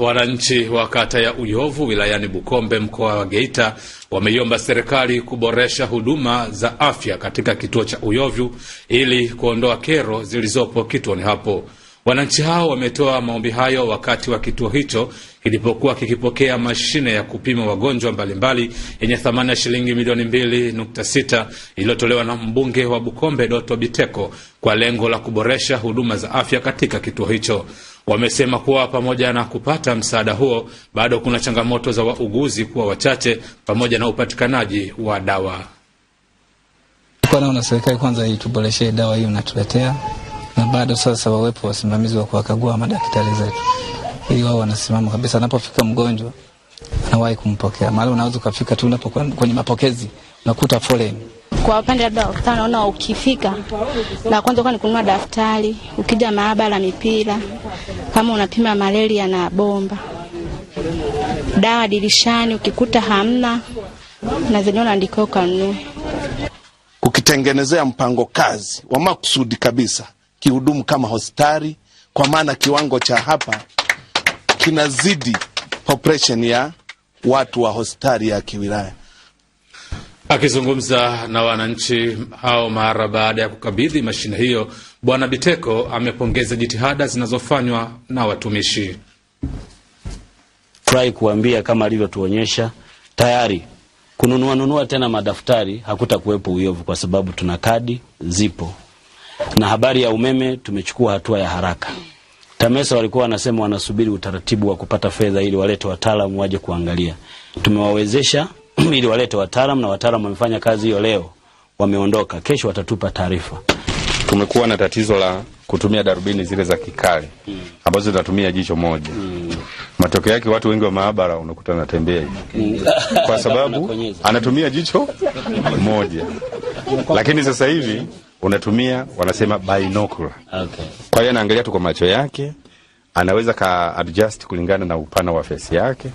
Wananchi wa kata ya Uyovu wilayani Bukombe mkoa wa Geita wameiomba serikali kuboresha huduma za afya katika kituo cha Uyovu ili kuondoa kero zilizopo kituoni hapo. Wananchi hao wametoa maombi hayo wakati wa kituo hicho kilipokuwa kikipokea mashine ya kupima wagonjwa mbalimbali yenye thamani ya shilingi milioni mbili nukta iliyotolewa na mbunge wa Bukombe Doto Biteko kwa lengo la kuboresha huduma za afya katika kituo hicho. Wamesema kuwa pamoja na kupata msaada huo, bado kuna changamoto za wauguzi kuwa wachache pamoja na upatikanaji wa dawa. Naona serikali kwanza ituboreshee dawa hiyo natuletea na bado sasa wawepo wasimamizi wa kuwakagua madaktari zetu, ili wao wanasimama kabisa, anapofika mgonjwa anawahi kumpokea. Maana unaweza ukafika tu kwenye mapokezi unakuta foleni kwa upande labda wakutana naona, ukifika la kwanza kwa ni kununua daftari, ukija maabara mipira, kama unapima malaria na bomba, dawa dirishani, ukikuta hamna na zenyewe unaandikiwa ukanunue, ukitengenezea mpango kazi wa makusudi kabisa kihudumu kama hospitali, kwa maana kiwango cha hapa kinazidi population ya watu wa hospitali ya kiwilaya. Akizungumza na wananchi hao mara baada ya kukabidhi mashine hiyo, Bwana Biteko amepongeza jitihada zinazofanywa na watumishi. Furahi kuambia kama alivyotuonyesha tayari kununua nunua tena madaftari hakutakuwepo uyovu, kwa sababu tuna kadi zipo. Na habari ya umeme tumechukua hatua ya haraka. TAMESA walikuwa wanasema wanasubiri utaratibu wa kupata fedha ili walete wataalamu waje kuangalia. Tumewawezesha ili walete wataalamu na wataalamu wamefanya kazi hiyo leo, wameondoka. Kesho watatupa taarifa. Tumekuwa na tatizo la kutumia darubini zile za kikale hmm. ambazo zinatumia jicho moja. Hmm. Matokeo yake watu wengi wa maabara unakuta anatembea hivi, hmm. kwa sababu anatumia jicho moja, lakini sasa hivi unatumia wanasema binocular. Okay. Kwa hiyo anaangalia tu kwa macho yake, anaweza ka adjust kulingana na upana wa face yake